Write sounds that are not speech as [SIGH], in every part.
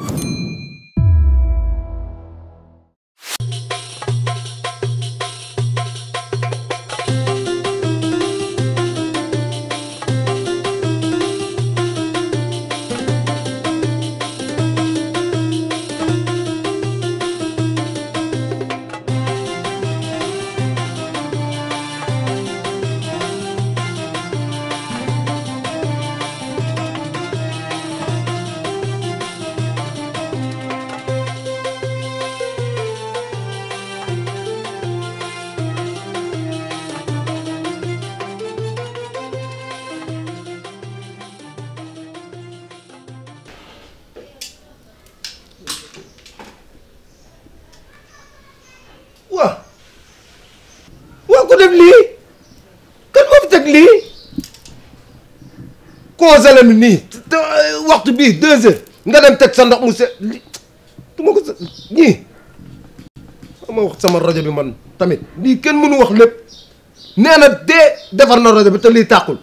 you def lii kan moo fi teg lii congé la nii te eh, waxtu bii deux heures nga dem teg sa ndox mu se du ma ko sa ñii ma wax sama rajo bi man tamit lii kenn mënu wax lépp nee na dee defar na rajo bi te lii taaxul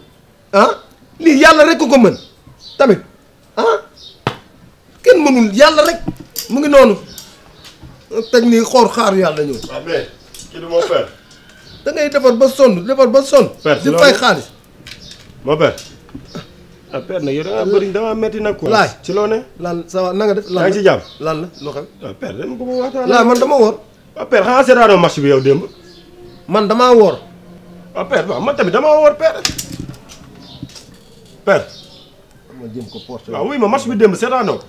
ah lii yàlla rek ko ko mën tamit ah kenn mënul yàlla rek mu ngi noonu teg nii xoor xaar yàlla ñëw. da ngay defar ba son defal ba son di fay xaalis. mo père. a père na yow bari dama metti nak quoi laaj ci lo ne. lan sa va na nga def lan ci jam lan la loo xam. ah père dem ko a la man dama wor a père xanaa seetaanoo marché bi yow demb man dama wor a père man tamit dama wor père. père. ma jëm ko porte. ah oui ma marché bi demb seetaanoo ko.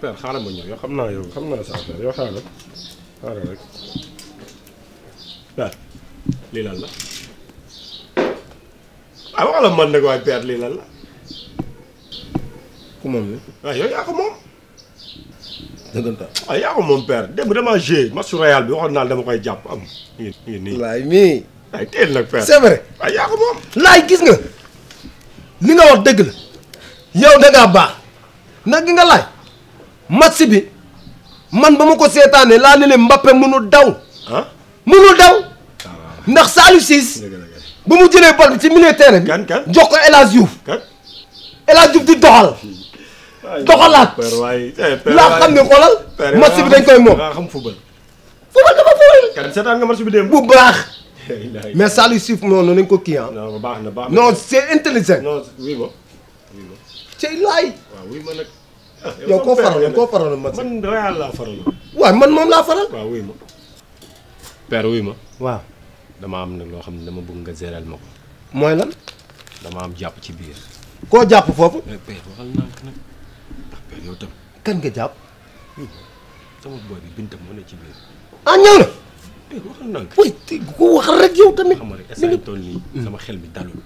père xala ma ñëw yo xamna yo xamna sa père yo xala xala rek. waaw lii lan la ah la man nag waaye père lii lan ku moom la. waaw ah, yow yaa ko moom. dëggantaan ah, yaa ko moom père démb damaa joué match bi waxoon naa dama koy jàpp am. ñu ngi nii laay mii. ay teel nag père c'est vrai. Ah, yaa ko moom. laay gis nga li nga wax dëgg la yow da ngaa nag gi nga laaj match bi man ba ma ko seetaanee laa ne leen Mbappé mënu daw. ah. mënul daw ah. ndax Saliou Ciss ba mu jëlee bal ci milieu bi jox ko El El di doxal la eh, xam match bi dañ koy football football dafa fooy kan nga match bi dem bu baax mais nañ ko ah. c'est intelligent a yow ah, yow ko faral match man Real la man faral père wuy ma. waaw dama am na loo xam ne dama bëgg nga géral ma ko. mooy lan. dama am jàpp ci biir. koo jàpp foofu. Eh, père waxal nànk nag ndax ah, père jàpp. sama boy bi Binta moo ne ci biir. ah ñëw te ku wax rek yow tamit. xam nga rek instant xel mi dalul.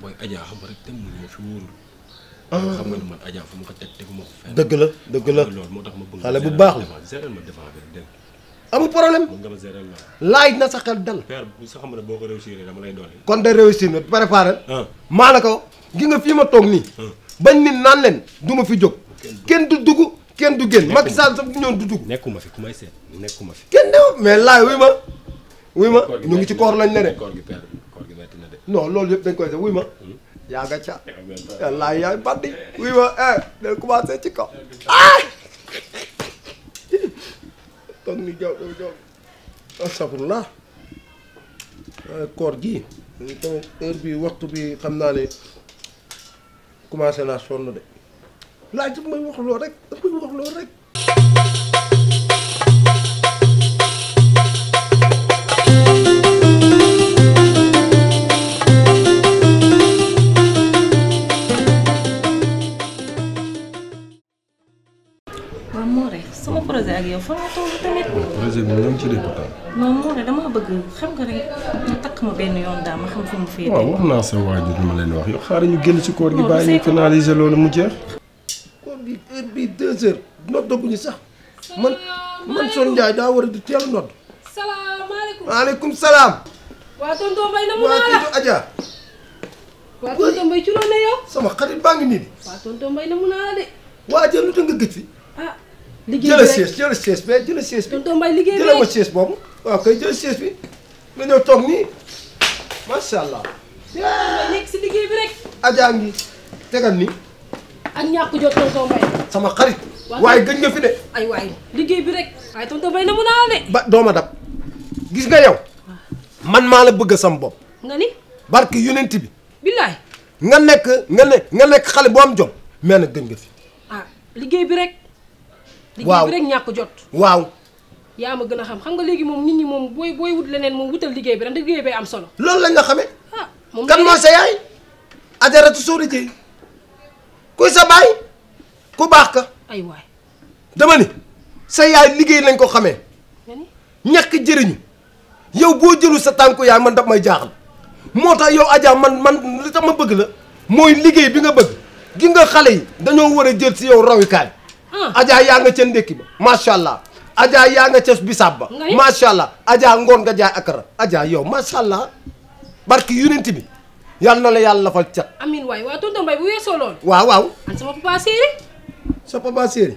booy Adja xam rek tam mu ñëw fi ah. nga ne man Adja fu ma ko teg teguma ko fenn. dëgg la dëgg la loolu moo tax ma bëgg. xale bu baax la ma devant amul problème laaj na sa xel dal. père bu sa xam ne boo ko réussir dama lay doole. kon de réussir na préparé. Ah. maa la ko gi nga fii ma toog nii. Ah. bañ nit naan leen du ma fi jóg. kenn du dugg kenn du génn. mag Sall sax du ñëw du dugg. nekkuma fi ku may seet nekkuma fi. kenn de mais laaj ma. wuy ma ñu ngi ci koor nañ ne de. koor gi père koor loolu yëpp dañ koy def wuy ma. Hmm? yaa nga ca. yaa ngi laaj yaa ngi ma eh day commencé ci kaw. toog ni jaw euh, koor gi tamit heure bi waxtu bi xam naa ne commencé naa sonn de laaj daf may wax loo rek daf may wax loo rek waaw Moore sama projet ak yow fa nga toll tamit. projet bi ñoo ngi ci députant. non Moore damaa bëgg xam nga rek ñu takk ma benn yoon daal ma xam fu mu fee. waaw wax naa sa waajur ma leen wax yow xaaral ñu génn ci koor gi bàyyi ñu finaliser loolu mu jeex. koor bi heure bi deux heures noddaguñu sax man man Sow Ndiaye daa war a di teel nodd. salaamaaleykum maaleykum salaam. waa tonton Mbaye na mu naa la waa Aja. waa tonton Mbaye ci loolu ne yow. sama xarit baa ngi nii de. waa tonton Mbaye na mu naa la de. waa Aja lu tax nga gëj fi. ah. liggéey jëlal siège jëlal siège mais jëlal siège bi tonton Mbaye liggéey jëlal ma siège boobu waaw kay jël siège bi nga allah. yaa nekk si liggéey bi rek. Adja ngi tegal nii. ak ñàkk jot sama xarit. waaye gëj nga fi de. ay waay liggéey bi rek. waaye tonton Mbaye na mu naa de. ba dooma dab gis nga yow. Ah. man maa la bëgg sam bopp. nga ni. barke yonent bi. billaay. nga nekk nga ne nga nekk xale bu am jom. mais nag nga fi. ah liggéey bi rek. liggéey bi rek ñàkk jot waaw yaa ma gën a xam xam nga léegi moom nit ñi moom booy booy wut leneen moom wutal liggéey bi rek ndax liggéey bay am solo loolu lañ la xamee ah, kan mooy sa yaay ajaratu suuri ji kuy sa baay ku baax ka ay waay dama ni sa yaay liggéey lañ ko xamee ñàkk jëriñu yow boo jëlu sa tànku yaay man daf may jaaxal moo tax yow Adja man man li tax ma bëgg la mooy liggéey bi nga bëgg gi nga xale yi dañoo war a jël si yow rawikaay Ajaa ah. yaa nga ca ndékki ba macha allah. Ajaa yaa nga ca bisaab ba. macha allah Ajaa ngoon nga jaay akara Ajaa yow macha allah barki yonent bi yàlla na la yàlla fal cat. amiin waay waaw tonton Mbaye waaw waaw. ak sama sa papa Séeri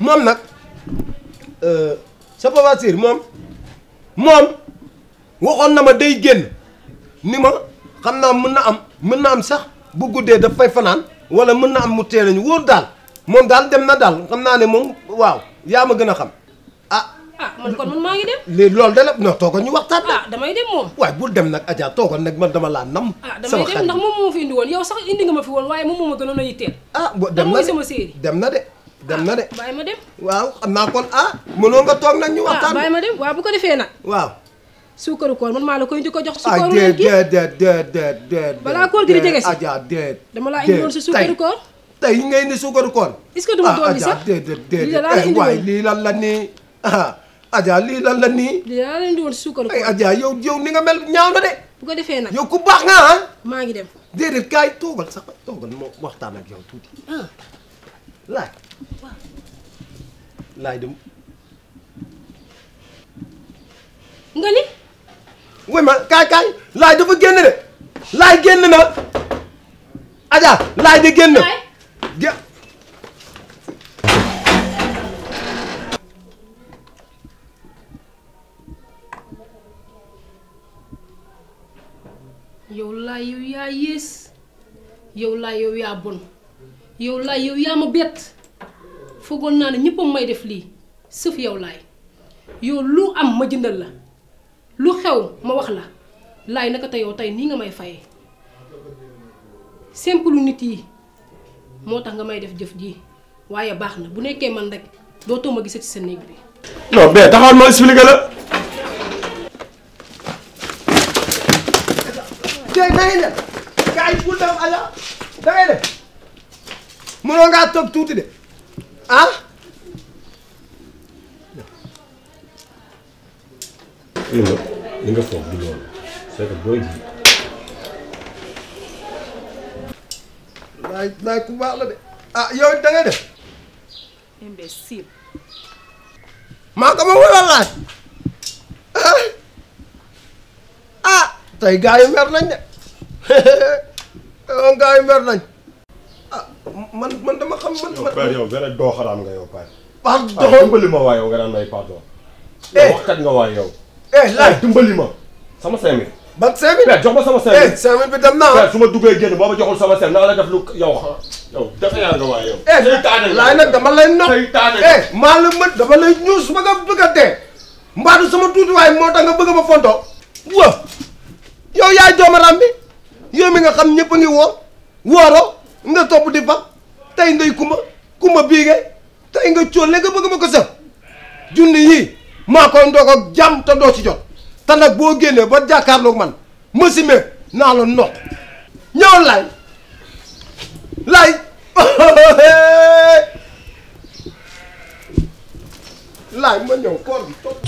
moom nag euh, sa papa Séeri moom moom waxoon na ma day génn ni ma xam naa mën na am mën na am sax bu guddee daf fay fanaan wala mën na am mu teel nañu wóor daal. moom daal dem na daal xam naa ne moom waaw yaa ma gën a xam a ah, ah man kon man maa ngi dem. léegi loolu de la non toogal ñu waxtaan. ah damay dem moom. waaye bul dem nag Adja toogal nag man dama laa nam. sama xarit ah damay dem ndax moom moo fi woon yow sax indi nga ma fi woon waaye moom moo ma a ah, dem na de sama dem na de. dem na de ah, bàyyi ma dem. waaw xam naa kon ah. mënoo nga toog nag ñu waxtaan. waaw bàyyi ma dem waaw bu ko defee nag. waaw. suukaru koor man maa la koy njëkk a jox. suukaru koor gi ah déet gi di jege si. dama laa indi woon si koor tey ngay ah, eh, ni suukaru koor. est-ce que du aja doon sax déedéet déedéet waay lii lan la ni ah Adja lii lan la ni lii lan la indi woon suukaru koor. ay Adja yow yow ni nga mel ñaaw na de. bu ko defee nag yow ku baax nga ah. maa ngi dem. déedéet kaay toogal sax toogal moo waxtaan ak yow tuuti. ah laay. laay ma kaay kaay laay dafa génn de. laay génn na. Adja laay de ja yow laa yow yaa yées yow laa yow yaa bon yow laa yow yaa ma bett foogoon naa ne ñëpp may def lii sëf yow laay yow lu am ma jëndal la lu xew ma wax la laay naka te yow tey nii nga may faye simple nit yi moo tax nga may def jëf ji waaye baax na bu nekkee man rek dootoo ma ci sa néeg bi. non mais taxawal ma expliqué la. moo da ngaa toog tuuti de ah. li nga foog du loolu c'est booy ji. laay laay ku baax de ah yow it da ngay ma wala laaj ah ah tey mer nañ de [LAUGHS] tey gars yu mer nañ ah man dama xam man. man yow benn doo xaraam nga yow père. pardon ah dimbali waaye yow nga daan may pardon. eh waxkat nga waaye yow. eh laaj sama cinq ba cinq mille jox ma sama cinq mille eh, cinq mille bi dem naa su ma duggee génn boo ma joxul sama cinq naa la def lu yow yow dafa yaa nga waaye yow eh, seytaane laay nag dama lay nopp seytaane eh, maa la mën dama lay ñuus ba nga bëgg a dee mbaadu sama tuutiwaay moo tax nga bëgg ma fonto wa yow yaay joomaram bi yow mi nga xam ñëpp a ngi woor wooro nga topp di fa tey ndey kumba kumba biige tey nga cóol le nga bëgg ma ko sëf junni yii maa koy ndoog ak jàmm te doo ci jot te nag boo génnee ba jàkkaarloog man ma si mee naa la No ñëw lay lay [LAUGHS] laay ma ñëw koor bi topp